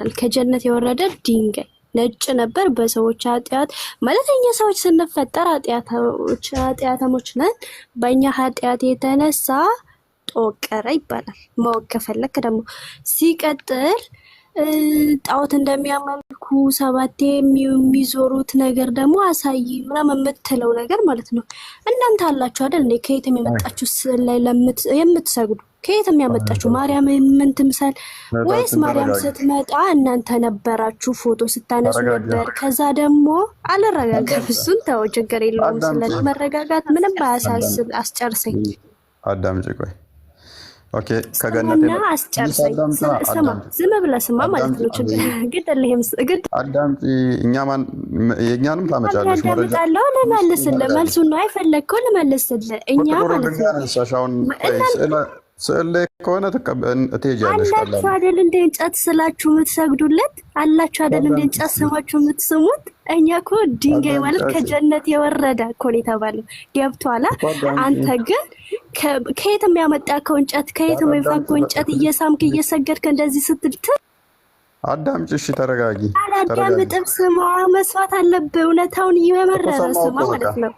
ይባላል። ከጀነት የወረደ ድንጋይ ነጭ ነበር። በሰዎች ኃጢአት ማለት እኛ ሰዎች ስንፈጠር ኃጢአተሞች ነን። በእኛ ኃጢአት የተነሳ ጦቀረ ይባላል። ማወቅ ከፈለክ ደግሞ ሲቀጥል ጣዖት እንደሚያመልኩ ሰባቴ የሚዞሩት ነገር ደግሞ አሳይ ምናምን የምትለው ነገር ማለት ነው። እናንተ አላችሁ አይደል? ከየትም የመጣችሁ ላይ የምትሰግዱ ከየት የሚያመጣችሁ ማርያም ምን ትምሰል? ወይስ ማርያም ስትመጣ እናንተ ነበራችሁ ፎቶ ስታነሱ ነበር? ከዛ ደግሞ አልረጋገም። እሱን ተው፣ ችግር የለውም። መረጋጋት ምንም አያሳስብ። አስጨርሰኝ፣ አዳምጪ፣ ቆይ አስጨርሰኝ። ስማ፣ ዝም ብለህ ስማ ማለት ነው። ግድ አዳምጪ። የእኛንም ታመጫለሽ። አዳምጣለሁ፣ ልመልስልህ። መልሱን ነው የፈለግከው፣ ልመልስልህ። እኛ ማለት ነው ስዕል ከሆነ ትሄጃለሽ። አላችሁ አይደል እንደ እንጨት ስላችሁ የምትሰግዱለት አላችሁ አደል እንደ እንጨት ስማችሁ የምትስሙት። እኛ እኮ ድንጋይ ማለት ከጀነት የወረደ እኮ ነው የተባለው። ገብቶሃል? አንተ ግን ከየትም ያመጣከው እንጨት ከየትም የፋከው እንጨት እየሳምክ እየሰገድክ እንደዚህ ስትል አዳምጪ። እሺ ተረጋጊ። አላዳምጥም። ስማ፣ መስማት አለብህ። እውነታውን የመረረ ስማ ማለት ነው።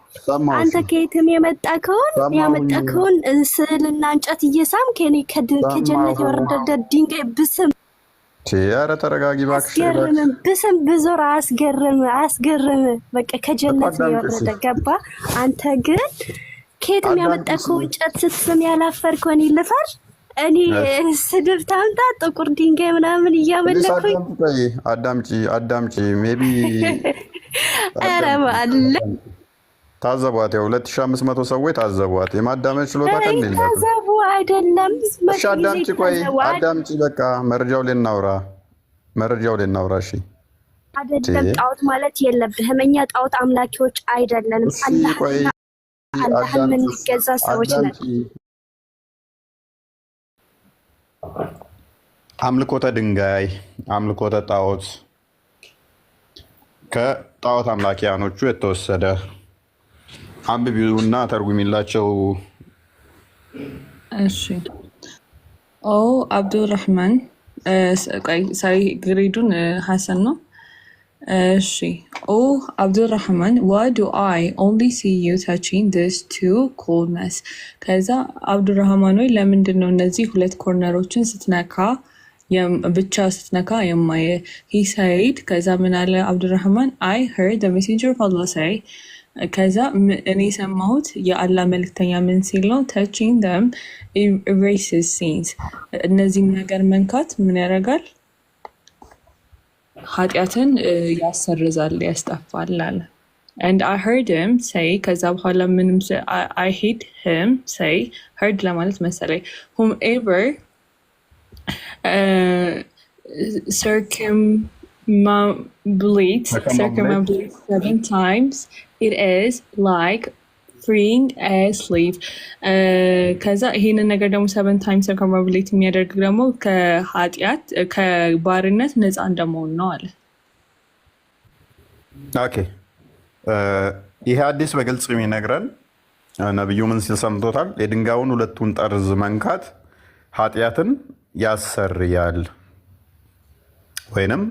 አንተ ከየትም የመጣከውን ያመጣከውን ስዕልና እንጨት እየሳም ከኔ ከጀነት የወረደ ድንጋይ ብስም ኧረ ተረጋጊ እባክሽ። አስገርምም ብስም ብዙር አያስገርም አያስገርም። በቃ ከጀነት የወረደ ገባ። አንተ ግን ከየትም ያመጣከው እንጨት ስትስም ያላፈርከው ከሆን ይልፈር እኔ ስድብ ታምጣ ጥቁር ድንጋይ ምናምን እያመለኩኝ አዳምጪ አዳምጪ ሜቢ ኧረ በአለ ታዘቧት። ያው ሁለት ሺህ አምስት መቶ ሰዎች ታዘቧት። የማዳመጥ ችሎታ ቀን ታዘቡ አይደለም። እሺ አዳምጪ፣ ቆይ አዳምጪ። በቃ መረጃው ልናውራ መረጃው ልናውራ። እሺ አይደለም ጣዖት ማለት የለብህም። እኛ ጣዖት አምላኪዎች አይደለንም። አላህ አላህን የምንገዛ ሰዎች ነን። አምልኮተ ድንጋይ፣ አምልኮተ ጣዖት ከጣዖት አምላኪያኖቹ የተወሰደ አንብቢውና ተርጉሚላቸው። እሺ ኦ አብዱራህማን ግሬዱን ሀሰን ነው። እሺ ኦ አብዱራህማን ዋይ ዱ አይ ኦንሊ ሲ ዩ ታችንግ ዲስ ቱ ኮርነርስ። ከዛ አብዱራህማን ወይ ለምንድን ነው እነዚህ ሁለት ኮርነሮችን ስትነካ ብቻ ስትነካ የማየ ሂሳይድ ከዛ ምን አለ አብዱራህማን አይ ሄርድ ሜሴንጀር ፋላ ሳይ ከዛ እኔ የሰማሁት የአላ መልክተኛ ምን ሲል ነው ተቺንግ ደም ኢሬስስ ሲንስ እነዚህም ነገር መንካት ምን ያደርጋል ኃጢአትን ያሰርዛል ያስጠፋል አለ and I heard him say ከዛ በኋላ ምንም I heard him say heard ለማለት መሰለኝ ሁም ኤቨር Uh, circumambulate, circumambulate seven times. It is like ፍሪንግ ስሊቭ uh, ከዛ ይህንን ነገር ደግሞ ሰቨን ታይምስ ሰርከማብሌት የሚያደርግ ደግሞ ከኃጢአት uh, ከባርነት ነፃ እንደመሆን ነው አለ። ኦኬ ይሄ አዲስ በግልጽ የሚነግረን ነቢዩ ምን ሲል ሰምቶታል? የድንጋዩን ሁለቱን ጠርዝ መንካት ኃጢአትን ያሰርያል ወይንም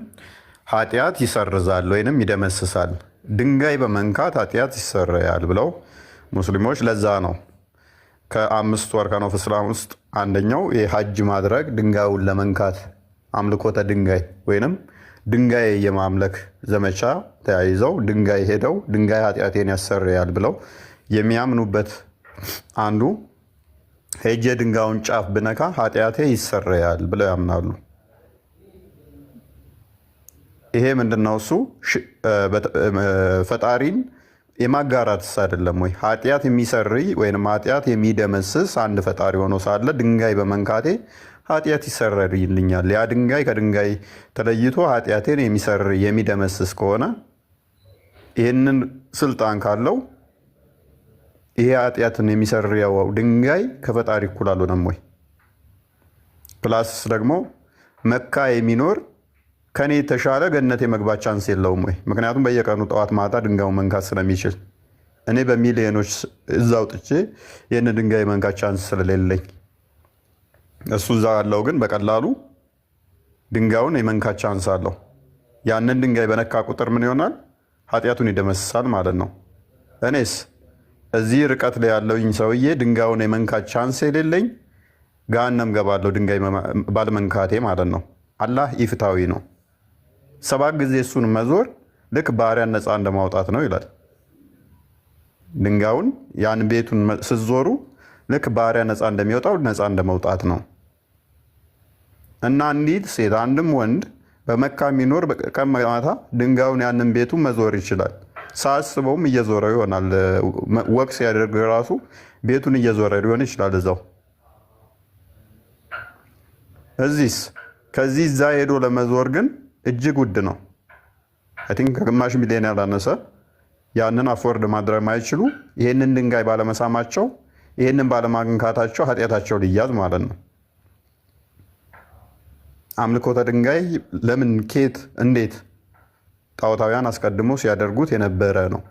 ኃጢአት ይሰርዛል ወይንም ይደመስሳል። ድንጋይ በመንካት ኃጢአት ይሰረያል ብለው ሙስሊሞች። ለዛ ነው ከአምስቱ አርካኖፍ እስላም ውስጥ አንደኛው የሀጅ ማድረግ ድንጋዩን ለመንካት አምልኮተ ድንጋይ ወይንም ድንጋይ የማምለክ ዘመቻ ተያይዘው ድንጋይ ሄደው ድንጋይ ኃጢአቴን ያሰርያል ብለው የሚያምኑበት አንዱ ሄጄ ድንጋዩን ጫፍ ብነካ ኃጢአቴ ይሰረያል ብለው ያምናሉ። ይሄ ምንድነው? እሱ ፈጣሪን የማጋራትስ አይደለም ወይ? ኃጢአት የሚሰርይ ወይም ኃጢአት የሚደመስስ አንድ ፈጣሪ ሆኖ ሳለ ድንጋይ በመንካቴ ኃጢአት ይሰረይልኛል። ያ ድንጋይ ከድንጋይ ተለይቶ ኃጢአቴን የሚሰርይ የሚደመስስ ከሆነ ይህንን ስልጣን ካለው ይሄ ኃጢአትን የሚሰርየው ድንጋይ ከፈጣሪ እኩል አልሆነም ወይ? ፕላስ ደግሞ መካ የሚኖር ከኔ የተሻለ ገነት የመግባት ቻንስ የለውም ወይ? ምክንያቱም በየቀኑ ጠዋት ማታ ድንጋዩን መንካት ስለሚችል እኔ በሚሊዮኖች እዛ አውጥቼ ይህን ድንጋይ መንካት ቻንስ ስለሌለኝ፣ እሱ እዛ ያለው ግን በቀላሉ ድንጋዩን የመንካት ቻንስ አለው። ያንን ድንጋይ በነካ ቁጥር ምን ይሆናል? ኃጢአቱን ይደመስሳል ማለት ነው። እኔስ እዚህ ርቀት ላይ ያለውኝ ሰውዬ ድንጋዩን የመንካት ቻንስ የሌለኝ ጋነም ገባለሁ፣ ድንጋይ ባለመንካቴ ማለት ነው። አላህ ኢፍታዊ ነው። ሰባት ጊዜ እሱን መዞር ልክ ባሪያን ነፃ እንደማውጣት ነው ይላል። ድንጋዩን ያን ቤቱን ስዞሩ ልክ ባሪያ ነፃ እንደሚወጣው ነፃ እንደመውጣት ነው እና እንዲት ሴት አንድም ወንድ በመካ የሚኖር ቀን ማታ ድንጋዩን ያንን ቤቱን መዞር ይችላል። ሳስበውም እየዞረ ይሆናል። ወቅ ሲያደርግ ራሱ ቤቱን እየዞረ ሊሆን ይችላል። እዛው እዚህስ ከዚህ እዛ ሄዶ ለመዞር ግን እጅግ ውድ ነው። አይ ቲንክ ከግማሽ ሚሊዮን ያላነሰ ያንን አፎርድ ማድረግ ማይችሉ ይህንን ድንጋይ ባለመሳማቸው ይህንን ባለማግንካታቸው ኃጢአታቸው ሊያዝ ማለት ነው። አምልኮተ ድንጋይ ለምን ኬት እንዴት ጣዖታውያን አስቀድሞ ሲያደርጉት የነበረ ነው።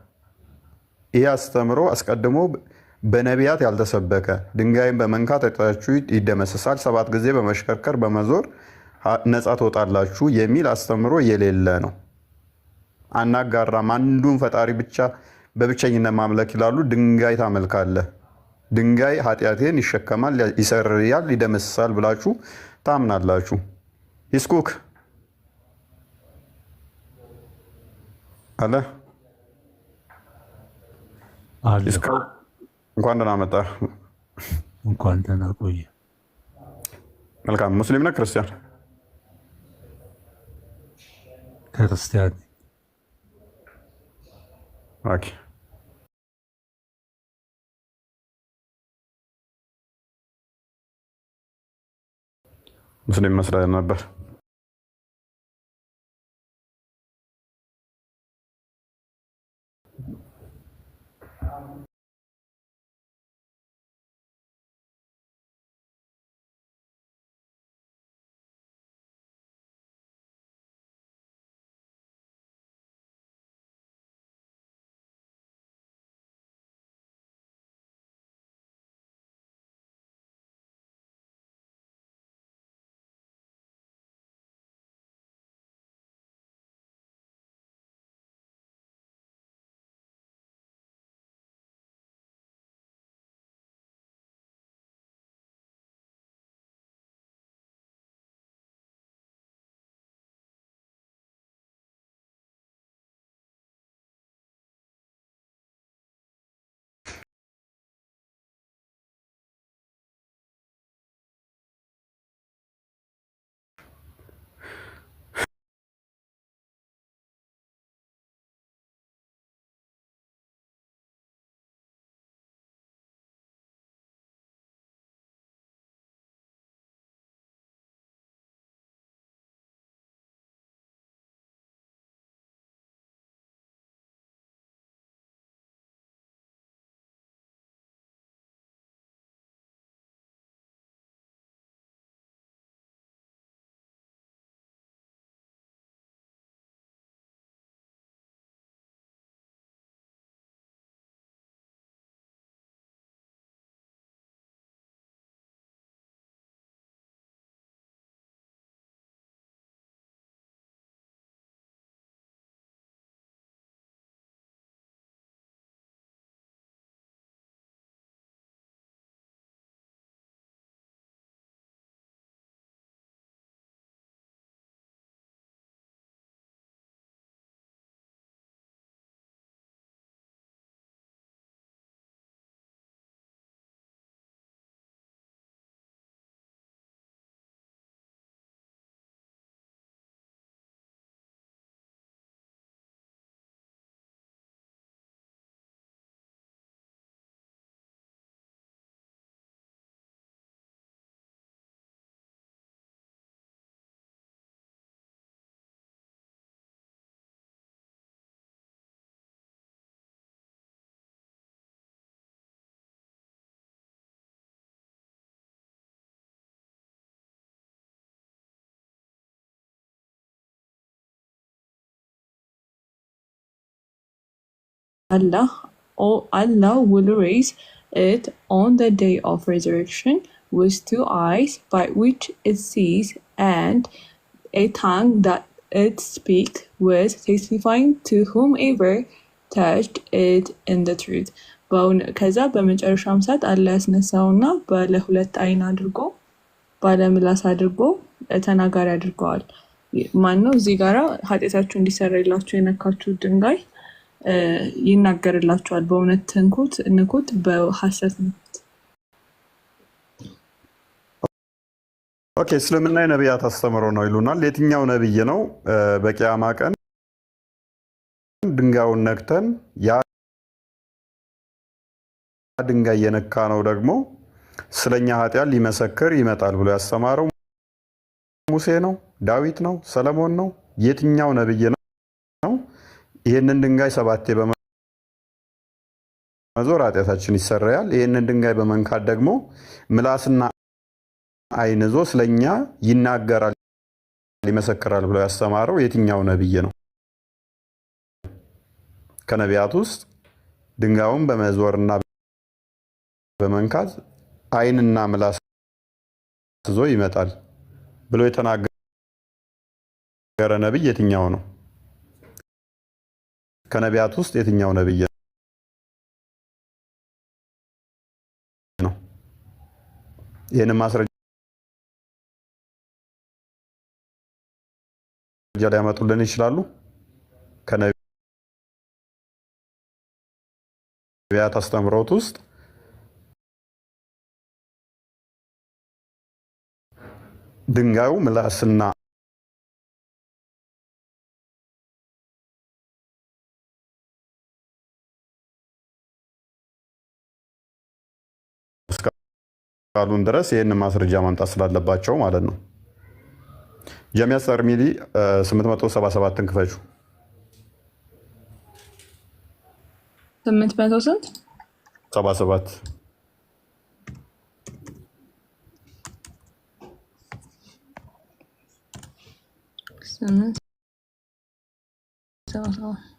ይህ አስተምሮ አስቀድሞ በነቢያት ያልተሰበከ ድንጋይን በመንካት ዕጣችሁ ይደመሰሳል፣ ሰባት ጊዜ በመሽከርከር በመዞር ነፃ ትወጣላችሁ የሚል አስተምሮ የሌለ ነው። አናጋራም። አንዱን ፈጣሪ ብቻ በብቸኝነት ማምለክ ይላሉ። ድንጋይ ታመልካለህ። ድንጋይ ኃጢአቴን ይሸከማል፣ ይሰርያል፣ ይደመስሳል ብላችሁ ታምናላችሁ። ይስኩክ አለ እንኳን ደህና መጣ። እንኳን ደህና ቆየ። መልካም ሙስሊም ነህ ክርስቲያን? ክርስቲያን ኦኬ። ሙስሊም መስሪያ ነበር። Allah, Allah will raise it on the day of resurrection with two eyes by which it sees and a tongue that it speaks with, testifying to whomever touched it in the truth. ከዛ በመጨረሻም ሰዓት አላህ ያስነሳውና ባለ ሁለት አይን አድርጎ ባለ ምላስ አድርጎ ተናጋሪ አድርገዋል። ማን ነው እዚህ ጋራ ኃጢአታችሁ እንዲሰራ የላችሁ የነካችሁ ድንጋይ ይናገርላቸዋል። በእውነት ትንኩት ንኩት፣ በሀሰት ንኩት። ኦኬ እስልምና የነቢያት አስተምሮ ነው ይሉናል። የትኛው ነቢይ ነው በቅያማ ቀን ድንጋዩን ነክተን ያ ድንጋይ የነካ ነው ደግሞ ስለኛ ኃጢያን ሊመሰክር ይመጣል ብሎ ያስተማረው ሙሴ ነው? ዳዊት ነው? ሰለሞን ነው? የትኛው ነብይ ነው? ይህንን ድንጋይ ሰባቴ በመዞር ኃጢአታችን ይሰረያል። ይህንን ድንጋይ በመንካት ደግሞ ምላስና ዓይን ዞ ስለኛ ይናገራል ይመሰክራል ብሎ ያስተማረው የትኛው ነቢይ ነው? ከነቢያት ውስጥ ድንጋዩን በመዞርና በመንካት ዓይንና ምላስ ዞ ይመጣል ብሎ የተናገረ ነቢይ የትኛው ነው? ከነቢያት ውስጥ የትኛው ነብይ ነው? ይህንም ማስረጃ ሊያመጡልን ይችላሉ። ከነቢያት አስተምሮት ውስጥ ድንጋዩ ምላስና ካሉን ድረስ ይህን ማስረጃ ማምጣት ስላለባቸው ማለት ነው። ጀሚያ ሰርሚሊ 877ን ክፈቹ። 77 77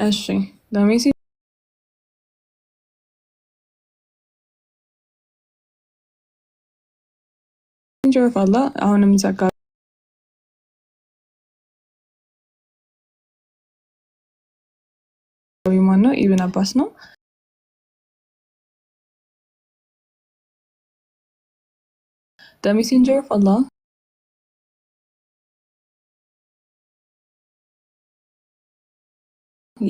እሺ በሜሴጅ ሜሴንጀር አሁንም እዚህ ማን ነው? ኢብን አባስ ነው። ሜሴንጀር ኦፍ አላህ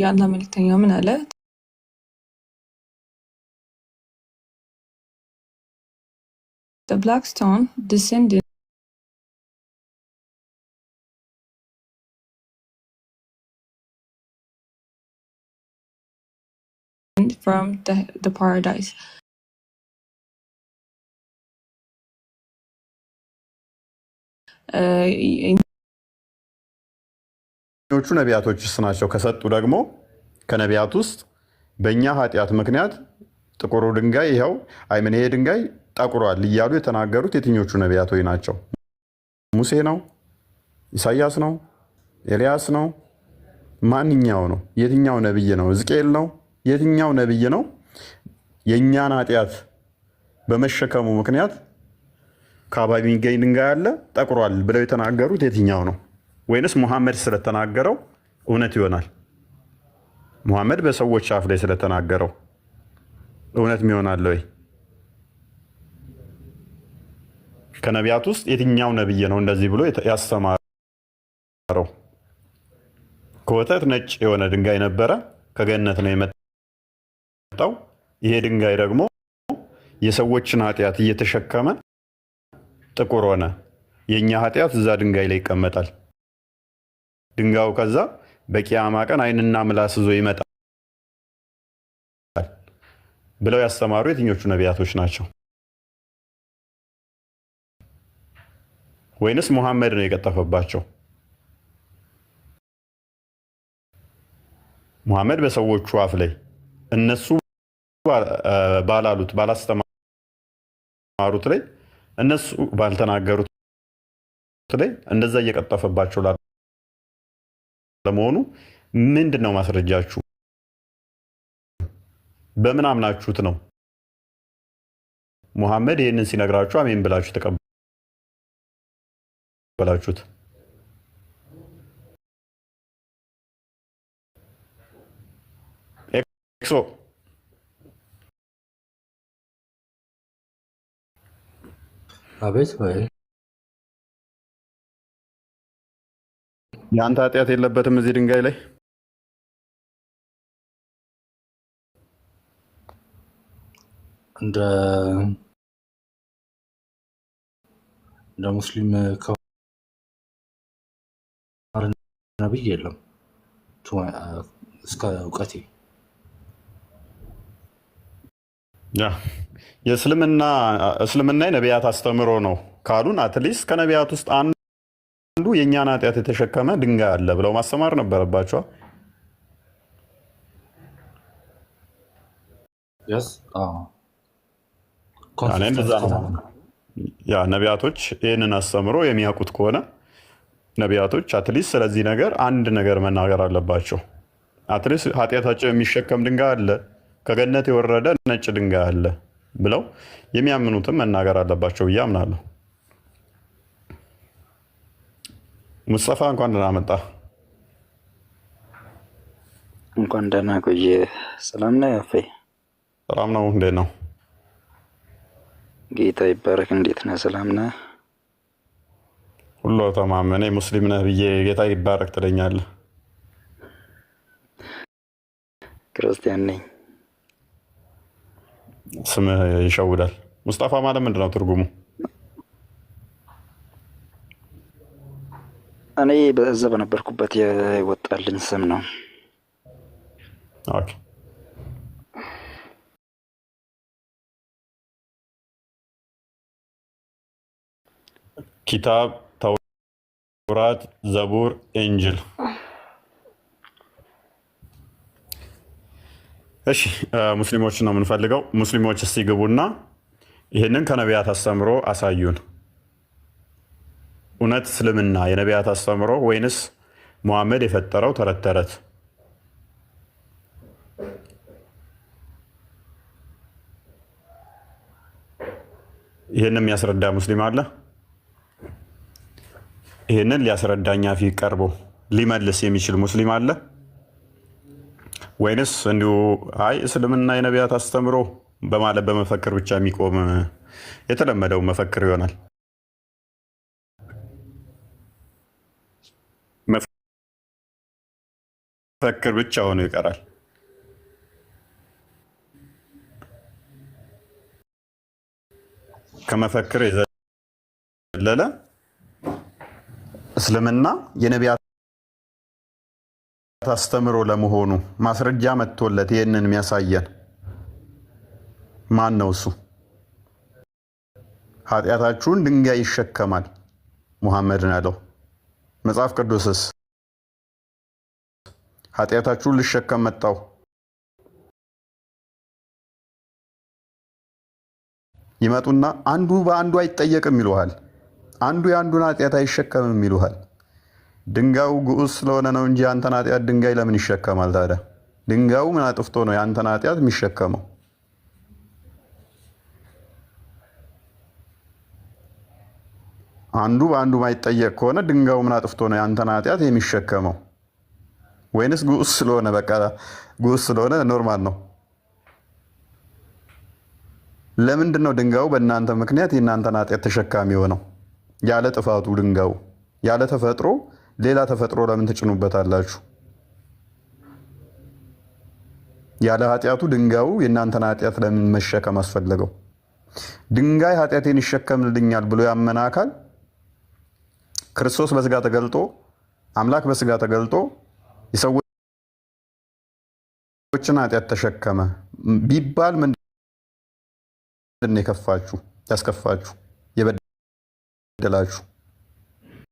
የአላህ መልክተኛ ምን አለ? The black stone descended from the, the paradise. Uh, in ሌሎቹ ነቢያቶችስ ናቸው ከሰጡ ደግሞ ከነቢያት ውስጥ በእኛ ኃጢአት ምክንያት ጥቁሩ ድንጋይ ይኸው አይምን ይሄ ድንጋይ ጠቁሯል እያሉ የተናገሩት የትኞቹ ነቢያቶች ናቸው? ሙሴ ነው? ኢሳያስ ነው? ኤልያስ ነው? ማንኛው ነው? የትኛው ነብይ ነው? ሕዝቅኤል ነው? የትኛው ነብይ ነው? የእኛን ኃጢአት በመሸከሙ ምክንያት ከአባቢ የሚገኝ ድንጋይ አለ ጠቁሯል ብለው የተናገሩት የትኛው ነው? ወይንስ ሙሐመድ ስለተናገረው እውነት ይሆናል? ሙሐመድ በሰዎች አፍ ላይ ስለተናገረው እውነት ይሆናል ወይ? ከነቢያት ውስጥ የትኛው ነብይ ነው እንደዚህ ብሎ ያስተማረው? ከወተት ነጭ የሆነ ድንጋይ ነበረ፣ ከገነት ነው የመጣው። ይሄ ድንጋይ ደግሞ የሰዎችን ኃጢአት እየተሸከመ ጥቁር ሆነ። የእኛ ኃጢአት እዛ ድንጋይ ላይ ይቀመጣል። ድንጋዩ ከዛ በቂያማ ቀን አይንና ምላስ ይዞ ይመጣል ብለው ያስተማሩ የትኞቹ ነቢያቶች ናቸው? ወይንስ ሙሐመድ ነው የቀጠፈባቸው? ሙሐመድ በሰዎቹ አፍ ላይ እነሱ ባላሉት ባላስተማሩት ላይ እነሱ ባልተናገሩት ላይ እንደዛ እየቀጠፈባቸው ለመሆኑ ምንድን ነው ማስረጃችሁ? በምን አምናችሁት ነው ሙሐመድ ይህንን ሲነግራችሁ አሜን ብላችሁ ተቀበላችሁት? ኤክሶ አቤት ወይ የአንተ ኃጢአት የለበትም እዚህ ድንጋይ ላይ እንደ እንደ ሙስሊም ነብይ የለም እስከ እውቀቴ የእስልምና እስልምና የነቢያት አስተምሮ ነው ካሉን አትሊስት ከነቢያት ውስጥ አንዱ የእኛን ኃጢአት የተሸከመ ድንጋይ አለ ብለው ማስተማር ነበረባቸዋ። ያ ነቢያቶች ይህንን አስተምሮ የሚያውቁት ከሆነ ነቢያቶች አትሊስት ስለዚህ ነገር አንድ ነገር መናገር አለባቸው። አትሊስት ኃጢአታቸው የሚሸከም ድንጋይ አለ፣ ከገነት የወረደ ነጭ ድንጋይ አለ ብለው የሚያምኑትም መናገር አለባቸው ብዬ አምናለሁ። ሙስጠፋ እንኳን ደህና መጣ። እንኳን ደህና ቆየ። ሰላም ነው ያፌ? ሰላም ነው። እንዴት ነው? ጌታ ይባረክ። እንዴት ነህ? ሰላም ነህ? ሁሉ ተማም። እኔ ሙስሊም ነህ ብዬ ጌታ ይባረክ ትለኛለህ? ክርስቲያን ነኝ። ስምህ ይሸውዳል። ሙስጠፋ ማለት ምንድን ነው ትርጉሙ? እኔ በዛ በነበርኩበት የወጣልኝ ስም ነው። ኦኬ ኪታብ፣ ተውራት፣ ዘቡር፣ ኤንጅል እሺ ሙስሊሞች ነው የምንፈልገው። ሙስሊሞች እስቲ ግቡና ይህንን ከነቢያት አስተምሮ አሳዩን። እውነት እስልምና የነቢያት አስተምሮ ወይንስ ሙሐመድ የፈጠረው ተረት ተረት? ይህን የሚያስረዳ ሙስሊም አለ? ይህንን ሊያስረዳኛ ፊት ቀርቦ ሊመልስ የሚችል ሙስሊም አለ? ወይንስ እንዲሁ አይ እስልምና የነቢያት አስተምሮ በማለት በመፈክር ብቻ የሚቆም የተለመደው መፈክር ይሆናል። ፍክር ብቻ ሆኖ ይቀራል። ከመፈክር የዘለለ እስልምና የነቢያት አስተምሮ ለመሆኑ ማስረጃ መጥቶለት ይህንን የሚያሳየን ማን ነው? እሱ ኃጢአታችሁን ድንጋይ ይሸከማል ሙሐመድን ያለው መጽሐፍ ቅዱስስ ኃጢአታችሁን ልሸከም መጣሁ። ይመጡና አንዱ በአንዱ አይጠየቅም ይሉሃል። አንዱ የአንዱን ኃጢአት አይሸከምም ይሉሃል። ድንጋዩ ግዑዝ ስለሆነ ነው እንጂ አንተ ኃጢአት ድንጋይ ለምን ይሸከማል ታዲያ? ድንጋዩ ምን አጥፍቶ ነው ያንተን ኃጢአት የሚሸከመው? አንዱ በአንዱ ማይጠየቅ ከሆነ ድንጋዩ ምን አጥፍቶ ነው የአንተ ኃጢአት የሚሸከመው? ወይንስ ግዑዝ ስለሆነ በቃ ግዑዝ ስለሆነ ኖርማል ነው? ለምንድን ነው ድንጋዩ በእናንተ ምክንያት የእናንተን ኃጢአት ተሸካሚ የሆነው? ያለ ጥፋቱ ድንጋዩ ያለ ተፈጥሮ ሌላ ተፈጥሮ ለምን ትጭኑበታላችሁ? ያለ ኃጢአቱ ድንጋዩ የእናንተን ኃጢአት ለምን መሸከም አስፈለገው? ድንጋይ ኃጢአቴን ይሸከምልኛል ብሎ ያመነ አካል ክርስቶስ በስጋ ተገልጦ አምላክ በስጋ ተገልጦ የሰዎችን ኃጢአት ተሸከመ ቢባል ምንድን ነው የከፋችሁ ያስከፋችሁ የበደላችሁ?